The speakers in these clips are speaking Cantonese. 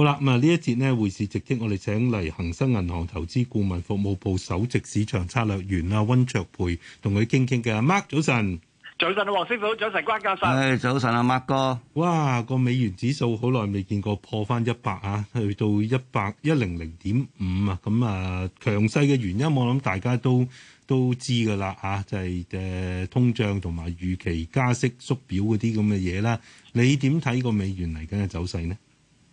好啦，咁啊呢一節咧匯市，直擊我哋請嚟恒生銀行投資顧問服務部首席市場策略員阿溫灼培同佢傾傾嘅。阿 Mark 早晨。早晨啊黃師傅，早晨關教授。係、哎、早晨阿 Mark 哥，哇，個美元指數好耐未見過破翻一百啊，去到一百一零零點五啊，咁啊強勢嘅原因我諗大家都都知噶啦吓，就係、是、誒、啊、通脹同埋預期加息縮表嗰啲咁嘅嘢啦，你點睇個美元嚟緊嘅走勢呢？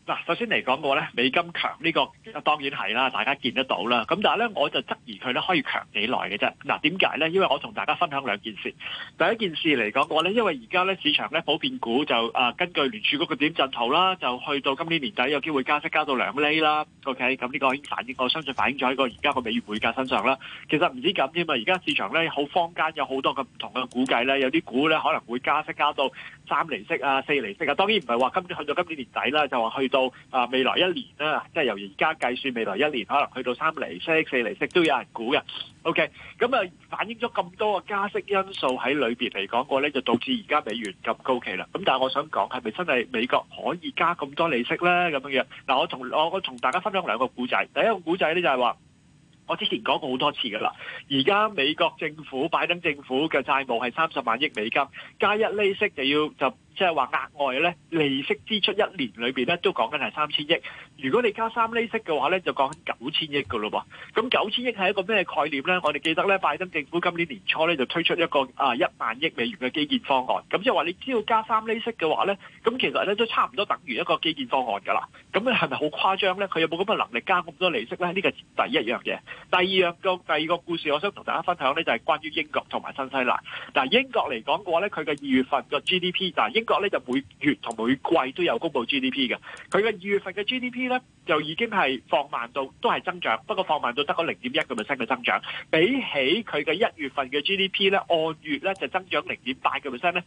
嗱，首先嚟講嘅話咧，美金強呢個當然係啦，大家見得到啦。咁但係咧，我就質疑佢咧可以強幾耐嘅啫。嗱，點解咧？因為我同大家分享兩件事。第一件事嚟講嘅話咧，因為而家咧市場咧普遍估就啊根據聯儲局嘅點陣圖啦，就去到今年年底有機會加息加到兩厘啦。OK，咁呢個已經反映，我相信反映咗喺個而家個美元匯價身上啦。其實唔止咁添嘛，而家市場咧好坊間有好多個唔同嘅估計咧，有啲估咧可能會加息加到。三厘息啊，四厘息啊，當然唔係話今去到今年年底啦，就話去到啊未來一年啦、啊，即係由而家計算未來一年，可能去到三厘息、四厘息都有人估嘅。OK，咁啊反映咗咁多個加息因素喺裏面嚟講過呢，就導致而家美元咁高企啦。咁但係我想講係咪真係美國可以加咁多利息呢？咁樣樣嗱，我同我我同大家分享兩個古仔。第一個古仔呢，就係話。我之前講過好多次噶啦，而家美國政府拜登政府嘅債務係三十萬億美金，加一厘息就要就。即係話額外咧，利息支出一年裏面咧都講緊係三千億。如果你加三厘息嘅話咧，就講緊九千億嘅咯喎。咁九千億係一個咩概念咧？我哋記得咧，拜登政府今年年初咧就推出一個啊一萬億美元嘅基建方案。咁即係話，你只要加三厘息嘅話咧，咁其實咧都差唔多等於一個基建方案㗎啦。咁咧係咪好誇張咧？佢有冇咁嘅能力加咁多利息咧？呢個第一樣嘢。第二個第二個故事，我想同大家分享咧，就係、是、關於英國同埋新西蘭。嗱，英國嚟講嘅話咧，佢嘅二月份個 GDP 就英。美國咧就每月同每季都有公布 G D P 嘅，佢嘅二月份嘅 G D P 咧就已經係放慢到，都係增長，不過放慢到得個零點一個 percent 嘅增長，比起佢嘅一月份嘅 G D P 咧按月咧就增長零點八個 percent 咧，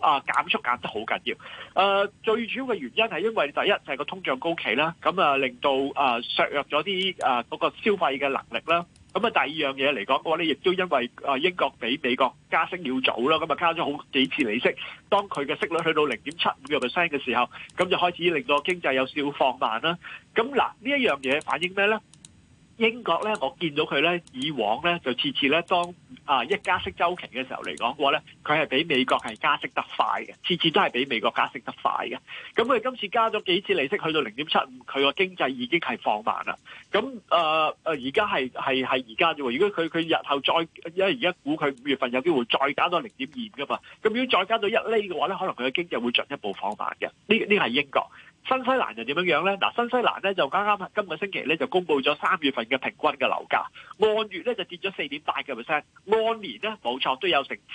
啊減速減得好緊要，誒、啊、最主要嘅原因係因為第一就係、是、個通脹高企啦，咁啊令到啊削弱咗啲誒嗰個消費嘅能力啦。咁啊，第二樣嘢嚟講，我哋亦都因為英國比美國加息要早啦，咁啊加咗好幾次利息，當佢嘅息率去到零點七五嘅 percent 嘅時候，咁就開始令到經濟有少少放慢啦。咁嗱，呢一樣嘢反映咩咧？英國咧，我見到佢咧，以往咧就次次咧，當啊、呃、一加息週期嘅時候嚟講嘅話咧，佢係比美國係加息得快嘅，次次都係比美國加息得快嘅。咁佢今次加咗幾次利息，去到零點七五，佢個經濟已經係放慢啦。咁誒、呃、而家係係係而家啫喎。如果佢佢日後再，因為而家估佢五月份有機會再加多零點二五噶嘛，咁如果再加到一厘嘅話咧，可能佢嘅經濟會進一步放慢嘅。呢呢個係英國。新西蘭又點樣樣咧？嗱，新西蘭咧就啱啱今個星期咧就公布咗三月份嘅平均嘅樓價，按月咧就跌咗四點八嘅 percent，按年咧冇錯都有成七，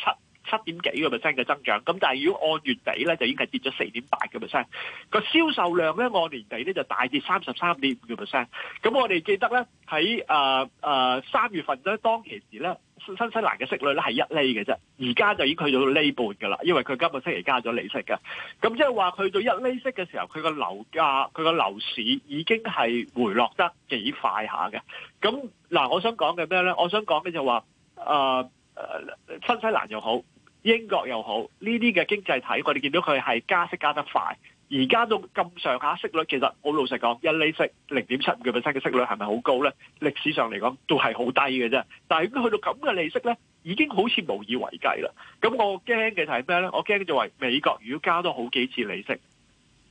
七點幾個 percent 嘅增長，咁但係如果按月底咧，就已經係跌咗四點八個 percent。個銷售量咧按年底咧就大跌三十三點五個 percent。咁我哋記得咧喺誒誒三月份咧當其時咧，新西蘭嘅息率咧係一厘嘅啫，而家就已經去到厘半嘅啦，因為佢今個星期加咗利息㗎。咁即係話去到一厘息嘅時候，佢個樓價佢個樓市已經係回落得幾快下嘅。咁嗱，我想講嘅咩咧？我想講嘅就話誒新西蘭又好。英國又好，呢啲嘅經濟體，我哋見到佢係加息加得快，而家都咁上下息率，其實我老實講，一利息零點七五嘅本 e 嘅息率係咪好高咧？歷史上嚟講都係好低嘅啫，但係去到咁嘅利息咧，已經好似無以為繼啦。咁我驚嘅係咩咧？我驚就係美國如果加多好幾次利息。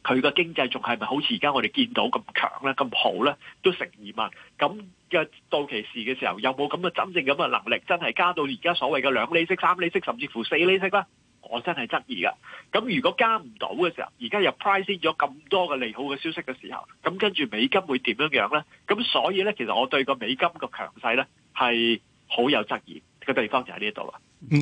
佢個經濟仲係咪好似而家我哋見到咁強咧、啊、咁好咧，都成疑問。咁嘅到期時嘅時候，有冇咁嘅真正咁嘅能力，真係加到而家所謂嘅兩釐息、三釐息，甚至乎四釐息咧？我真係質疑噶。咁如果加唔到嘅時候，而家又 price 咗咁多嘅利好嘅消息嘅時候，咁跟住美金會點樣樣咧？咁所以咧，其實我對個美金個強勢咧係好有質疑。嘅地方就喺呢度啦。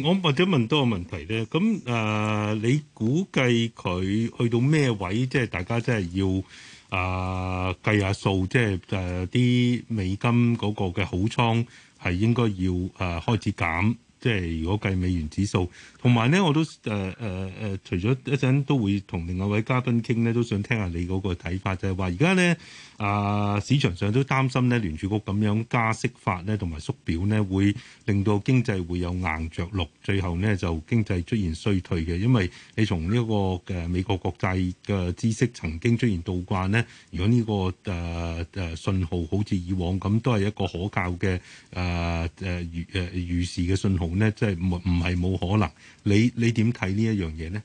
我或者問多個問題咧，咁誒、呃，你估計佢去到咩位？即係大家真係要誒、呃、計一下數，即係誒啲美金嗰個嘅好倉，係應該要誒開始減，即係如果計美元指數。同埋咧，我都誒誒、呃呃、除咗一陣都會同另外位嘉賓傾咧，都想聽下你嗰個睇法，就係話而家咧啊，市場上都擔心咧聯儲局咁樣加息法咧，同埋縮表呢，會令到經濟會有硬着陸，最後呢，就經濟出現衰退嘅。因為你從呢個嘅美國國債嘅孳息曾經出現倒掛呢。如果呢、呢個誒信、呃、號好似以往咁，都係一個可靠嘅誒誒預誒預示嘅信號呢，即係唔唔係冇可能。你你點睇呢一樣嘢咧？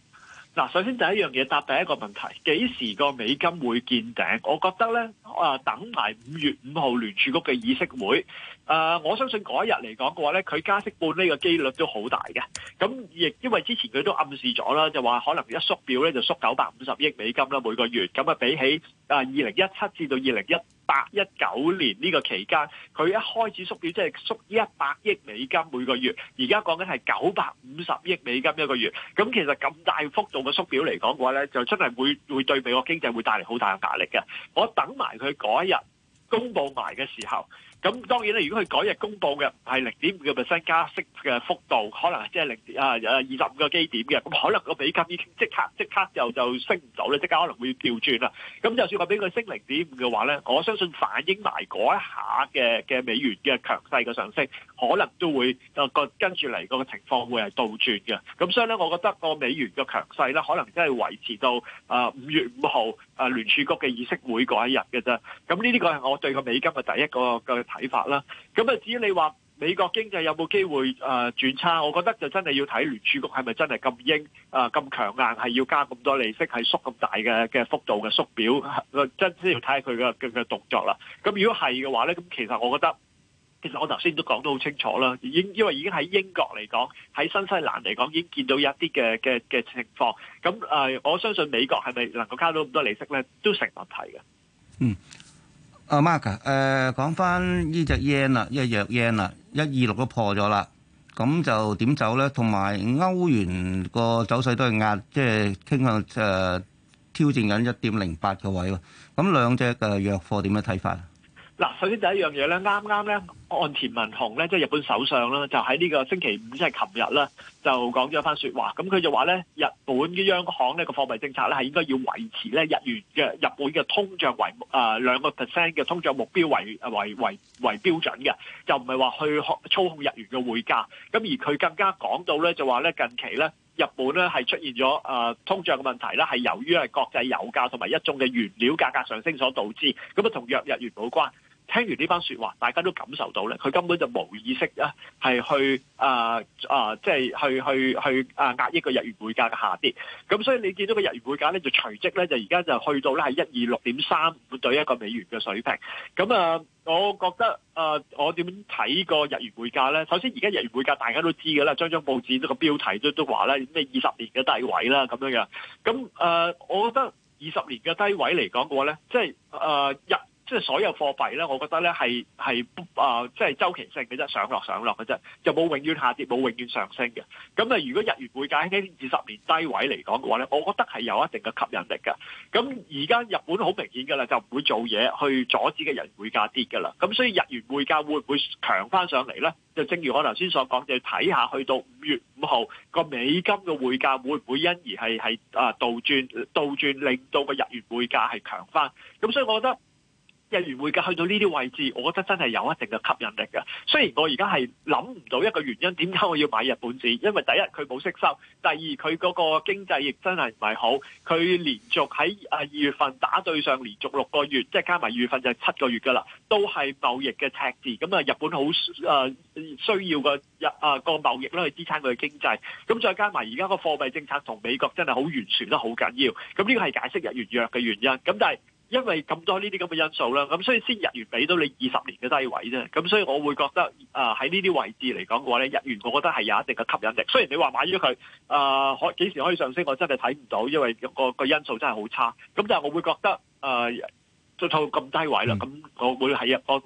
嗱，首先第一樣嘢答第一個問題，幾時個美金會見頂？我覺得咧，啊等埋五月五號聯儲局嘅議息會。誒、呃，我相信嗰一日嚟講嘅話咧，佢加息半呢個幾率都好大嘅。咁亦因為之前佢都暗示咗啦，就話可能一縮表咧就縮九百五十億美金啦每個月。咁啊，比起啊二零一七至到二零一八一九年呢個期間，佢一開始縮表即係、就是、縮一百億美金每個月，而家講緊係九百五十億美金一個月。咁其實咁大幅度嘅縮表嚟講嘅話咧，就真係會會對美國經濟會帶嚟好大嘅壓力嘅。我等埋佢嗰日公布埋嘅時候。咁當然咧，如果佢嗰日公布嘅係零點五嘅 percent 加息嘅幅度，可能係即係零啊有二十五個基點嘅，咁可能個美金已經即刻即刻就就升唔到咧，即刻可能會跳轉啦。咁就算話俾佢升零點五嘅話咧，我相信反映埋嗰一下嘅嘅美元嘅強勢嘅上升，可能都會個跟住嚟個情況會係倒轉嘅。咁所以咧，我覺得個美元嘅強勢咧，可能真係維持到啊五月五號啊聯儲局嘅議息會嗰一日嘅啫。咁呢啲個係我對個美金嘅第一個嘅睇法啦，咁啊至於你話美國經濟有冇機會誒、呃、轉差，我覺得就真係要睇聯儲局係咪真係咁英誒咁、呃、強硬，係要加咁多利息，係縮咁大嘅嘅幅度嘅縮表，真係要睇下佢嘅嘅動作啦。咁如果係嘅話咧，咁其實我覺得，其實我頭先都講得好清楚啦。已經因為已經喺英國嚟講，喺新西蘭嚟講已經見到一啲嘅嘅嘅情況。咁誒、呃，我相信美國係咪能夠加到咁多利息咧，都成問題嘅。嗯。阿 Mark，誒講翻呢隻 yen 啦，一隻弱 yen 啦，一二六都破咗啦，咁就點走咧？同埋歐元個走勢都係壓，即係傾向誒挑戰緊一點零八嘅位喎。咁兩隻嘅弱貨點樣睇法？嗱，首先第一樣嘢咧，啱啱咧，岸田文雄咧，即係日本首相啦，就喺呢個星期五，即係琴日啦，就講咗一番説話。咁佢就話咧，日本嘅央行呢個貨幣政策咧係應該要維持咧日元嘅日本嘅通脹為啊兩個 percent 嘅通脹目標為為為為標準嘅，就唔係話去操控日元嘅匯價。咁而佢更加講到咧，就話咧近期咧日本咧係出現咗啊通脹嘅問題呢係由於係國際油價同埋一眾嘅原料價格上升所導致。咁啊，同弱日元冇關。聽完呢番說話，大家都感受到咧，佢根本就冇意識係、呃呃就係、啊，係去啊啊，即係去去去啊壓抑個日元匯價嘅下跌。咁所以你見到個日元匯價咧，就隨即咧就而家就去到咧係一二六點三五對一個美元嘅水平。咁啊，我覺得啊、呃，我點睇個日元匯價咧？首先而家日元匯價大家都知㗎啦，張張報紙都個標題都都話咧咩二十年嘅低位啦咁樣樣。咁啊、呃，我覺得二十年嘅低位嚟講嘅話咧，即係啊日。呃即係所有貨幣咧，我覺得咧係係誒，即係周期性嘅啫，上落上落嘅啫，就冇永遠下跌，冇永遠上升嘅。咁啊，如果日元匯價喺二十年低位嚟講嘅話咧，我覺得係有一定嘅吸引力㗎。咁而家日本好明顯㗎啦，就唔會做嘢去阻止嘅日元匯價跌㗎啦。咁所以日元匯價會唔會強翻上嚟咧？就正如我頭先所講，就睇下去到五月五號個美金嘅匯價會唔會因而係係啊倒轉倒轉，轉令到個日元匯價係強翻。咁所以我覺得。日元匯價去到呢啲位置，我覺得真係有一定嘅吸引力㗎。雖然我而家係諗唔到一個原因點解我要買日本紙，因為第一佢冇息收，第二佢嗰個經濟亦真係唔係好，佢連續喺二月份打對上連續六個月，即係加埋二月份就係七個月㗎啦，都係貿易嘅赤字。咁啊日本好需要嘅日啊個貿易咧去支撐佢嘅經濟。咁再加埋而家個貨幣政策同美國真係好懸殊得好緊要。咁呢個係解釋日元弱嘅原因。咁但係。因為咁多呢啲咁嘅因素啦，咁所以先日元俾到你二十年嘅低位啫。咁所以我會覺得，啊喺呢啲位置嚟講嘅話咧，日元我覺得係有一定嘅吸引力。雖然你話買咗佢，啊可幾時可以上升，我真係睇唔到，因為個個因素真係好差。咁但係我會覺得，啊到到咁低位啦，咁、嗯、我會喺。啊我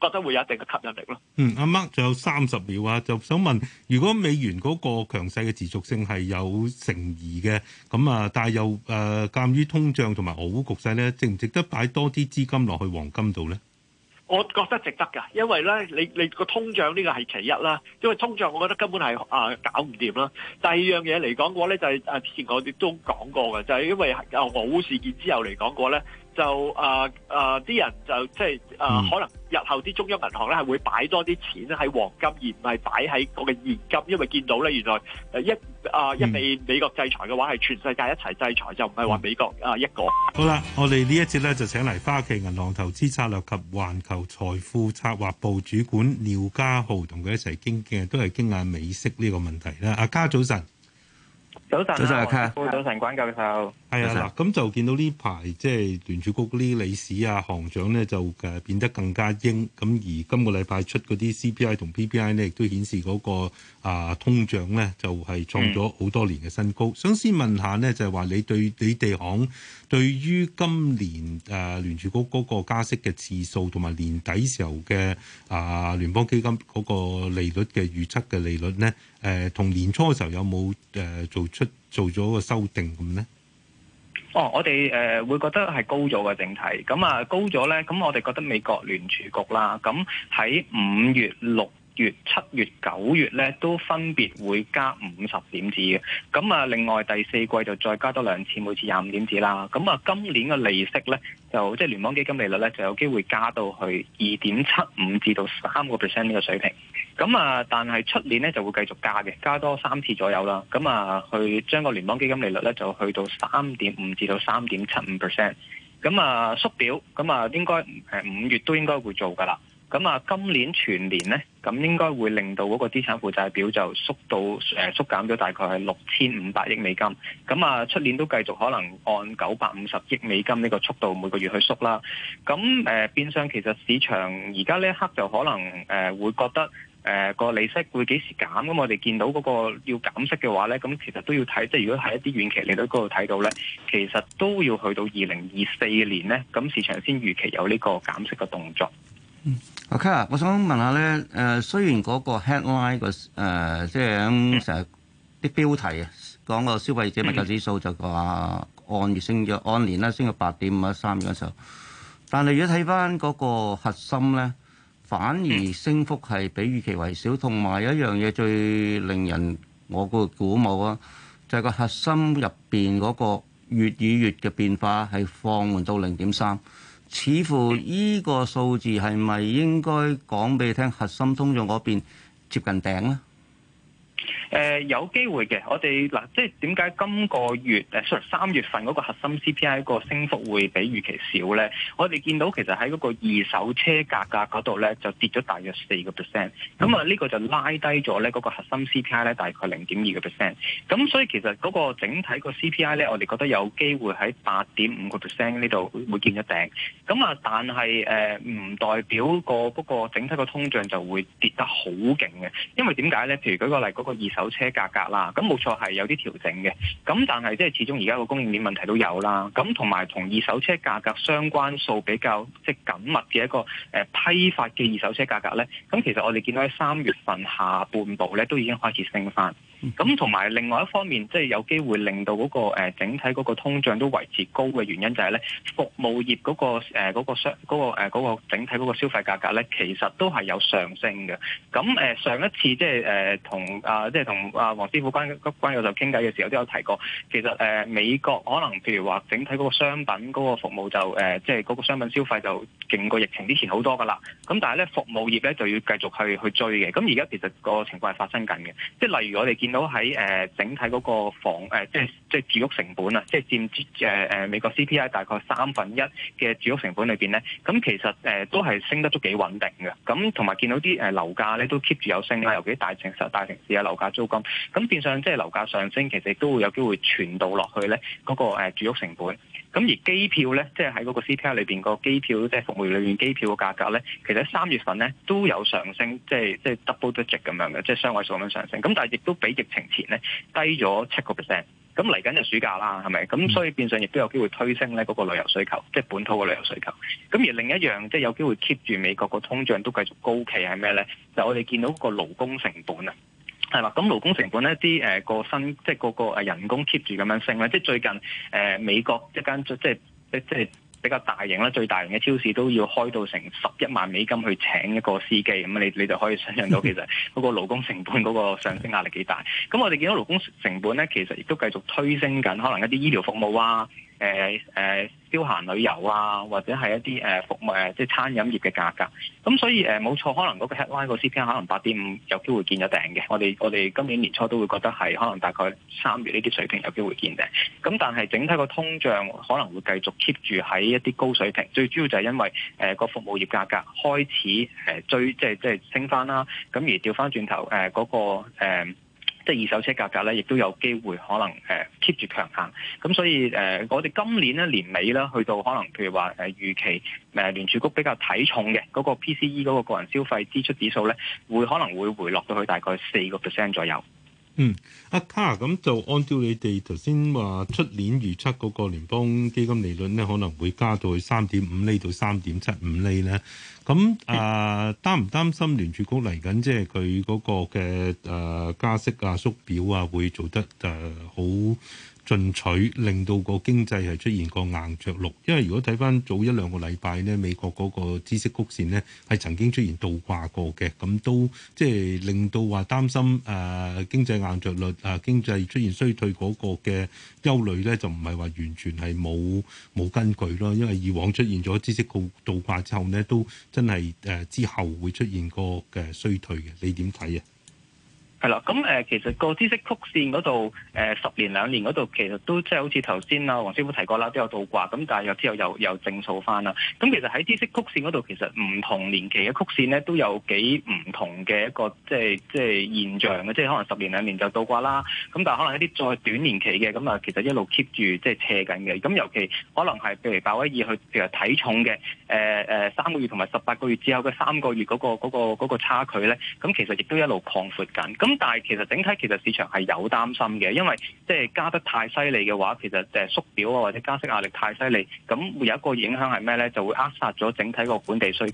覺得會有一定嘅吸引力咯。嗯，阿、啊、Mark，仲有三十秒啊，就想問：如果美元嗰個強勢嘅持續性係有成疑嘅，咁啊，但係又誒、呃，鑑於通脹同埋俄烏局勢咧，值唔值得擺多啲資金落去黃金度咧？我覺得值得㗎，因為咧，你你個通脹呢個係其一啦，因為通脹我覺得根本係啊搞唔掂啦。第二樣嘢嚟講過咧，就係、是、啊之前我哋都講過嘅，就係、是、因為啊俄烏事件之後嚟講過咧。就啊啊！啲、呃呃、人就即係啊，可能日後啲中央銀行咧係會擺多啲錢喺黃金，而唔係擺喺個嘅現金，因為見到咧原來一啊、呃嗯、一被美國制裁嘅話，係全世界一齊制裁，就唔係話美國啊一個。嗯呃、好啦，我哋呢一節咧就請嚟花旗銀行投資策略及環球財富策劃部，部主管廖嘉豪，同佢一齊傾嘅，都係傾下美息呢個問題啦。阿、啊、嘉，早晨。早晨早晨，早晨關、啊、教授。係啊，嗱晨，咁就見到呢排即係聯儲局嗰啲理事啊、行長咧，就誒變得更加鷹。咁而今個禮拜出嗰啲 CPI 同 PPI 咧，亦都顯示嗰、那個啊通脹咧，就係、是、創咗好多年嘅新高。嗯、想先問下咧，就係、是、話你對你哋行對於今年誒、啊、聯儲局嗰個加息嘅次數，同埋年底時候嘅啊聯邦基金嗰個利率嘅預測嘅利率咧？誒同年初嘅時候有冇誒做出做咗個修訂咁呢？哦，我哋誒會覺得係高咗嘅整體，咁啊高咗呢。咁我哋覺得美國聯儲局啦，咁喺五月六月七月九月咧都分別會加五十點子嘅，咁啊另外第四季就再加多兩次，每次廿五點子啦。咁啊今年嘅利息咧就即係聯邦基金利率咧就有機會加到去二點七五至到三個 percent 呢個水平。咁啊但係出年咧就會繼續加嘅，加多三次左右啦。咁啊去將個聯邦基金利率咧就去到三點五至到三點七五 percent。咁啊縮表，咁啊應該誒五月都應該會做㗎喇。咁啊，今年全年咧，咁應該會令到嗰個資產負債表就縮到、呃、縮減咗大概係六千五百億美金。咁啊，出年都繼續可能按九百五十億美金呢個速度每個月去縮啦。咁誒、呃，變相其實市場而家呢一刻就可能誒、呃、會覺得誒個、呃、利息會幾時減？咁我哋見到嗰個要減息嘅話咧，咁其實都要睇，即係如果喺一啲遠期利率嗰度睇到咧，其實都要去到二零二四年咧，咁市場先預期有呢個減息嘅動作。OK 啊，我想問下咧，誒雖然嗰個 headline 個誒、呃、即係成日啲標題啊，講個消費者物價指數就話按月升咗，按年咧升咗八點五一三嘅時候，但係如果睇翻嗰個核心咧，反而升幅係比預期為少，同埋有一樣嘢最令人我個鼓舞啊，就係、是、個核心入邊嗰個月與月嘅變化係放緩到零點三。似乎呢個數字係咪應該講畀你聽，核心通脹嗰邊接近頂咧？誒、呃、有機會嘅，我哋嗱，即係點解今個月誒，sorry 三月份嗰個核心 CPI 個升幅會比預期少咧？我哋見到其實喺嗰個二手車價格嗰度咧，就跌咗大約四個 percent，咁啊呢個就拉低咗咧嗰個核心 CPI 咧，大概零點二個 percent，咁所以其實嗰個整體個 CPI 咧，我哋覺得有機會喺八點五個 percent 呢度會見到頂，咁啊，但係誒唔代表個不過整體個通脹就會跌得好勁嘅，因為點解咧？譬如舉個例，嗰個二手車價格啦，咁冇錯係有啲調整嘅，咁但係即係始終而家個供應鏈問題都有啦，咁同埋同二手車價格相關數比較即係緊密嘅一個誒批發嘅二手車價格呢。咁其實我哋見到喺三月份下半部呢，都已經開始升翻。咁同埋另外一方面，即係有機會令到嗰個整體嗰個通脹都維持高嘅原因，就係咧服務業嗰個誒嗰個商嗰個誒嗰個整體嗰個消費價格咧，其實都係有上升嘅。咁誒上一次即係同啊即係同啊黃師傅關關嗰度傾偈嘅時候，都有提過，其實、呃、美國可能譬如話整體嗰個商品嗰個服務就誒即係嗰個商品消費就勁過疫情之前好多噶啦。咁但係咧服務業咧就要繼續去去追嘅。咁而家其實個情況係發生緊嘅，即係例如我哋見到喺誒整體嗰個房誒，即係即係住屋成本啊，即係佔住誒美國 CPI 大概三分一嘅住屋成本裏邊咧，咁其實誒都係升得穩都幾穩定嘅。咁同埋見到啲誒樓價咧都 keep 住有升啦，尤其大城大城市嘅樓價租金，咁變相即係樓價上升，其實都有機會有機會傳導落去咧嗰個住屋成本。咁而機票咧，即係喺嗰個 CPI 裏面個機票，即係服務裏面機票嘅價格咧，其實三月份咧都有上升，即係即係 double digit 咁樣嘅，即係雙位數咁樣上升。咁但係亦都比疫情前咧低咗七個 percent。咁嚟緊就暑假啦，係咪？咁所以變相亦都有機會推升咧嗰個旅遊需求，即係本土嘅旅遊需求。咁而另一樣即係有機會 keep 住美國個通脹都繼續高企係咩咧？就我哋見到個勞工成本啊。係嘛？咁勞工成本咧，啲誒個薪，即係個個人工 keep 住咁樣升咧。即係最近誒、呃、美國一間即係即係比較大型啦，最大型嘅超市都要開到成十一萬美金去請一個司機，咁你你就可以想像到其實嗰個勞工成本嗰個上升壓力幾大。咁 我哋見到勞工成本咧，其實亦都繼續推升緊，可能一啲醫療服務啊。誒誒消閒旅遊啊，或者係一啲誒、呃、服務誒、呃，即係餐飲業嘅價格。咁所以誒冇、呃、錯，可能嗰個 headline 個 CPI 可能八點五有機會見咗頂嘅。我哋我哋今年年初都會覺得係可能大概三月呢啲水平有機會見頂。咁但係整體個通脹可能會繼續 keep 住喺一啲高水平。最主要就係因為誒個、呃、服務業價格開始誒追、呃、即係即係升返啦。咁而調返轉頭誒嗰個、呃即係二手車價格咧，亦都有機會可能誒 keep 住強行咁，所以誒我哋今年咧年尾啦，去到可能譬如話誒預期誒聯儲局比較睇重嘅嗰個 PCE 嗰個個人消費支出指數咧，會可能會回落到去大概四個 percent 左右。嗯，阿卡咁就按照你哋頭先話出年預測嗰個聯邦基金利率咧，可能會加到去三點五厘到三點七五厘咧。咁啊、嗯呃，擔唔擔心聯儲局嚟緊即係佢嗰個嘅誒加息啊縮表啊，會做得誒好進取令到個經濟係出現個硬着陸，因為如果睇返早一兩個禮拜呢，美國嗰個孳息曲線呢係曾經出現倒掛過嘅，咁都即係、就是、令到話擔心誒、啊、經濟硬着陸、誒、啊、經濟出現衰退嗰個嘅憂慮呢，就唔係話完全係冇冇根據咯，因為以往出現咗孳息倒倒掛之後呢，都真係誒、啊、之後會出現個嘅衰退嘅，你點睇啊？係啦，咁誒、嗯嗯，其實個知識曲線嗰度，誒、呃、十年兩年嗰度，其實都即係好似頭先啊黃師傅提過啦，都有倒掛，咁但係又之後又又，又正數翻啦。咁、嗯、其實喺知識曲線嗰度，其實唔同年期嘅曲線咧都有幾唔同嘅一個即係即係現象嘅，即係可能十年兩年就倒掛啦，咁但係可能一啲再短年期嘅，咁、嗯、啊其實一路 keep 住即係斜緊嘅。咁、嗯、尤其可能係譬如鮑威爾去譬如睇重嘅，誒、呃呃、三個月同埋十八個月之後嘅三個月嗰、那個嗰嗰、那個那個那個、差距咧，咁、嗯、其實亦都一路擴闊緊，咁、嗯。但係其實整體其實市場係有擔心嘅，因為即係加得太犀利嘅話，其實誒縮表啊或者加息壓力太犀利，咁會有一個影響係咩咧？就會扼殺咗整體個本地需求。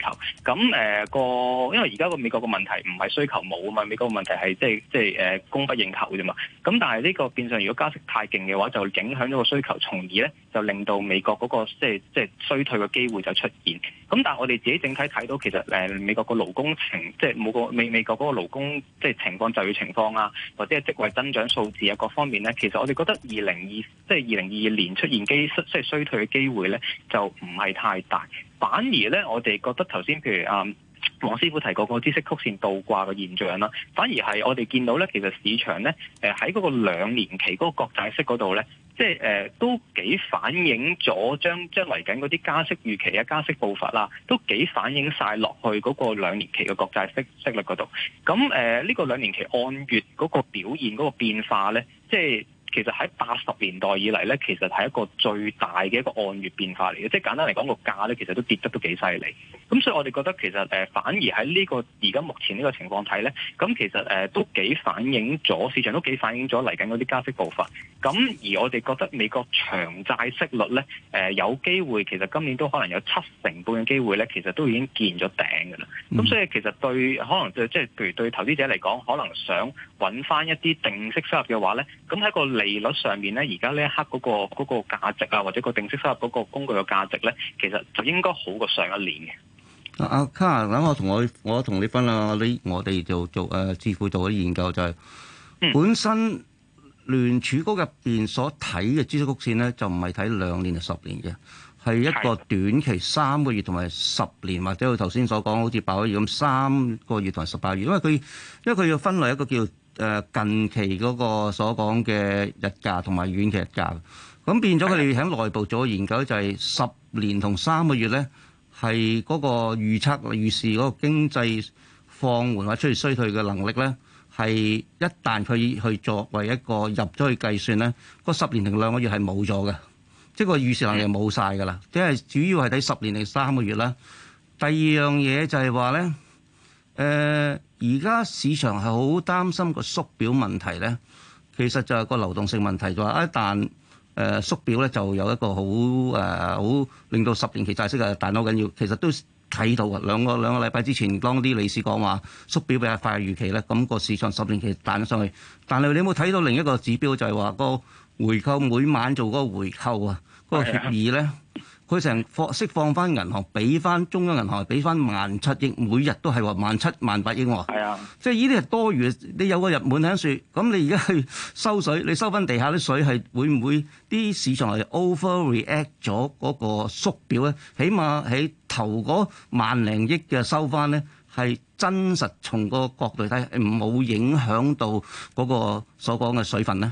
咁、那、誒個因為而家個美國個問題唔係需求冇啊嘛，美國個問題係即係即係誒供不應求啫嘛。咁但係呢個變相如果加息太勁嘅話，就影響咗個需求，從而咧就令到美國嗰個即係即係衰退嘅機會就出現。咁但係我哋自己整體睇到其實誒美國個勞工情，即係冇個美美國嗰個勞工即係情況就係。情況啊，或者係職位增長數字啊，各方面呢，其實我哋覺得二零二即係二零二二年出現機即係衰退嘅機會呢，就唔係太大。反而呢，我哋覺得頭先譬如啊，黃、嗯、師傅提過個孳息曲線倒掛嘅現象啦，反而係我哋見到呢，其實市場呢，誒喺嗰個兩年期嗰個國債息嗰度呢。即係誒，都幾反映咗將將嚟緊嗰啲加息預期啊、加息步伐啦，都幾反映晒落去嗰個兩年期嘅國債息息率嗰度。咁誒，呢個兩年期按月嗰個表現嗰個變化咧，即係其實喺八十年代以嚟咧，其實係一個最大嘅一個按月變化嚟嘅。即係簡單嚟講，個價咧其實都跌得都幾犀利。咁所以我哋覺得其實反而喺呢個而家目前呢個情況睇咧，咁其實都幾反映咗市場，都幾反映咗嚟緊嗰啲加息步伐。咁而我哋覺得美國長債息率咧，有機會其實今年都可能有七成半嘅機會咧，其實都已經見咗頂㗎喇。咁所以其實對可能就即係譬如對投資者嚟講，可能想搵翻一啲定息收入嘅話咧，咁喺個利率上面咧，而家呢一刻嗰個嗰個價值啊，或者個定息收入嗰個工具嘅價值咧，其實就應該好過上一年嘅。阿、啊、卡，等我同我我同你分享。你我哋就做誒智庫做啲、呃、研究就係、是嗯、本身聯儲局入邊所睇嘅孳息曲線咧，就唔係睇兩年十年嘅，係一個短期三個月同埋十年的或者佢頭先所講好似八個月咁，三個月同埋十八個月，因為佢因為佢要分類一個叫誒、呃、近期嗰個所講嘅日價同埋遠期日價，咁變咗佢哋喺內部做嘅研究就係十年同三個月咧。係嗰個預測預示嗰個經濟放緩或者出現衰退嘅能力咧，係一旦佢去，去作為一個入咗去計算咧，嗰十年定兩個月係冇咗嘅，即係個預示能力冇晒㗎啦。即係主要係睇十年定三個月啦。第二樣嘢就係話咧，誒而家市場係好擔心個縮表問題咧，其實就係個流動性問題就話一旦。誒、呃、縮表咧就有一個好誒好令到十年期債息啊彈得緊要，其實都睇到啊兩個兩個禮拜之前當啲理事講話縮表比較快嘅預期咧，咁、那個市場十年期彈咗上去。但係你有冇睇到另一個指標就係話個回購每晚做個回購啊嗰、那個協議咧？佢成日放釋放翻銀行，俾翻中央銀行，俾翻萬七億，每日都係話萬七萬八億喎。係啊，即係呢啲係多餘。你有個日滿響説，咁你而家去收水，你收翻地下啲水係會唔會啲市場係 overreact 咗嗰個縮表咧？起碼喺頭嗰萬零億嘅收翻咧，係真實從個角度睇，係冇影響到嗰個所講嘅水分咧。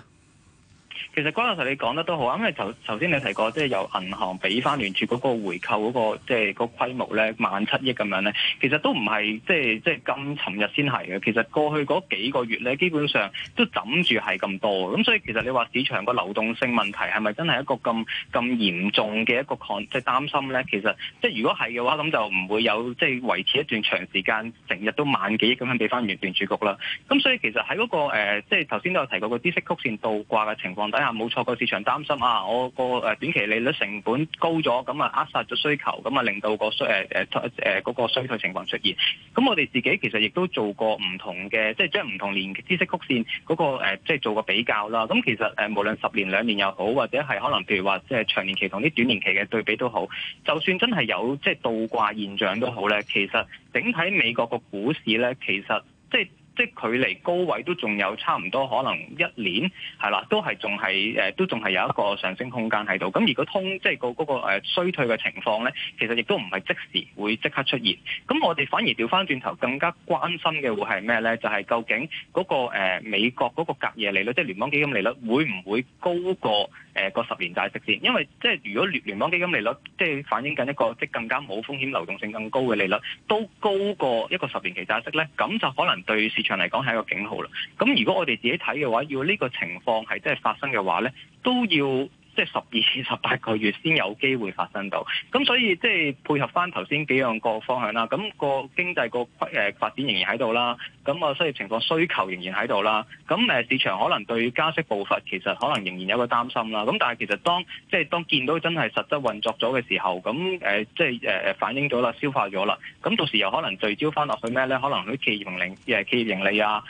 其實嗰個時候你講得都好啊，因為頭頭先你提過，即係由銀行俾翻聯儲局個回購嗰個即係個規模咧，萬七億咁樣咧，其實都唔係即係即係咁尋日先係嘅。其實過去嗰幾個月咧，基本上都枕住係咁多，咁所以其實你話市場個流動性問題係咪真係一個咁咁嚴重嘅一個抗即係擔心咧？其實即係如果係嘅話，咁就唔會有即係維持一段長時間，成日都萬幾億咁樣俾翻聯聯儲局啦。咁所以其實喺嗰個誒，即係頭先都有提過個孳息曲線倒掛嘅情況下冇錯，個市場擔心啊，我個誒短期利率成本高咗，咁啊壓殺咗需求，咁啊令到個衰誒誒誒嗰個衰退情況出現。咁我哋自己其實亦都做過唔同嘅，即係將唔同年期孳息曲線嗰、那個、呃、即係做個比較啦。咁其實誒、呃，無論十年兩年又好，或者係可能譬如話，即係長年期同啲短年期嘅對比都好。就算真係有即係倒掛現象都好咧，其實整體美國個股市咧，其實即係。即距離高位都仲有差唔多，可能一年係啦，都係仲係誒，都仲係有一個上升空間喺度。咁如果通即係個嗰個誒衰退嘅情況咧，其實亦都唔係即時會即刻出現。咁我哋反而調翻轉頭更加關心嘅會係咩咧？就係究竟嗰個誒美國嗰個隔夜利率，即係聯邦基金利率，會唔會高過誒個十年債息先？因為即係如果聯邦基金利率即係反映緊一個即係更加冇風險流動性更高嘅利率，都高過一個十年期債息咧，咁就可能對市場。嚟講，係一個警號啦。咁如果我哋自己睇嘅話，要呢個情況係真係發生嘅話咧，都 要樂。即係十二至十八個月先有機會發生到，咁所以即係配合翻頭先幾樣個方向啦。咁個經濟個誒發展仍然喺度啦，咁個商業情況需求仍然喺度啦。咁誒市場可能對加息步伐其實可能仍然有個擔心啦。咁但係其實當即係當見到真係實質運作咗嘅時候，咁即係反映咗啦，消化咗啦。咁到時又可能聚焦翻落去咩咧？可能佢企業盈利企業盈利啊，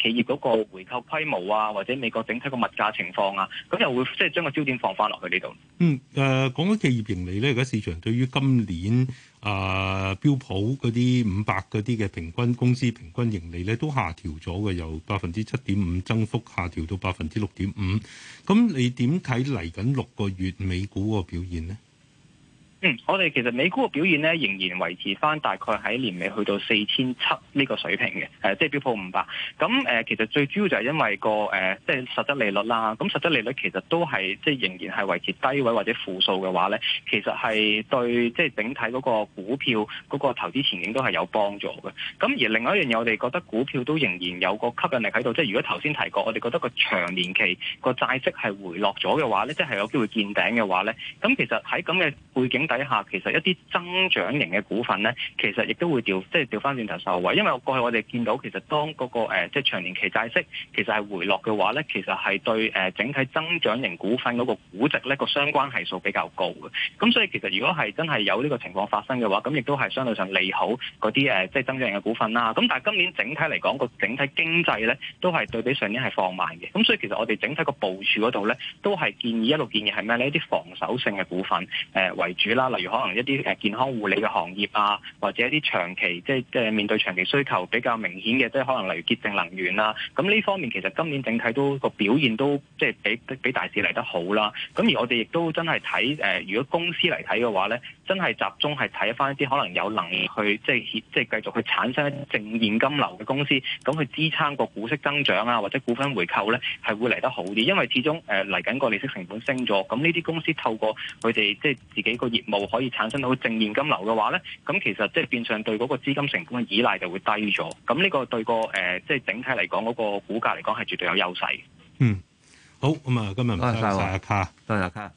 企業嗰個回購規模啊，或者美國整體個物價情況啊，咁又會即係將個焦點。放翻落去呢度。嗯，誒、呃，講緊企業盈利咧，而家市場對於今年啊、呃、標普嗰啲五百嗰啲嘅平均公司平均盈利咧，都下調咗嘅，由百分之七點五增幅下調到百分之六點五。咁你點睇嚟緊六個月美股個表現呢？嗯，我哋其實美股嘅表現咧，仍然維持翻大概喺年尾去到四千七呢個水平嘅、呃，即係標普五百。咁、呃、其實最主要就係因為個、呃、即係實質利率啦。咁、嗯、實質利率其實都係即係仍然係維持低位或者負數嘅話咧，其實係對即係整體嗰個股票嗰個投資前景都係有幫助嘅。咁而另外一樣嘢，我哋覺得股票都仍然有個吸引力喺度，即係如果頭先提過，我哋覺得個長年期個債息係回落咗嘅話咧，即係有機會見頂嘅話咧，咁其實喺咁嘅背景底下其實一啲增長型嘅股份咧，其實亦都會調，即係調翻轉頭受惠。因為我過去我哋見到，其實當嗰、嗰個、呃、即係長年期債息其實係回落嘅話咧，其實係對、呃、整體增長型股份嗰個估值咧、嗰個相關係數比較高嘅。咁所以其實如果係真係有呢個情況發生嘅話，咁亦都係相對上利好嗰啲、呃、即係增長型嘅股份啦。咁但係今年整體嚟講、嗰個整體經濟咧都係對比上年係放慢嘅。咁所以其實我哋整體個部署嗰度咧都係建議一路建議係咩呢？一啲防守性嘅股份、呃、為主啦。例如可能一啲誒健康護理嘅行業啊，或者一啲長期即係即係面對長期需求比較明顯嘅，即係可能例如潔淨能源啦、啊。咁呢方面其實今年整體都個表現都即係比比大市嚟得好啦、啊。咁而我哋亦都真係睇誒，如果公司嚟睇嘅話咧，真係集中係睇翻一啲可能有能力去即係協即係繼續去產生正現金流嘅公司，咁去支撐個股息增長啊，或者股份回購咧，係會嚟得好啲。因為始終誒嚟緊個利息成本升咗，咁呢啲公司透過佢哋即係自己個業務。就可以產生到正現金流嘅話咧，咁其實即係變相對嗰個資金成本嘅依賴就會低咗。咁呢個對個即係、呃即係、整體嚟講嗰、嗰個股價嚟講係絕對有優勢。嗯，好，咁啊，今日唔該曬阿卡多，多謝阿卡。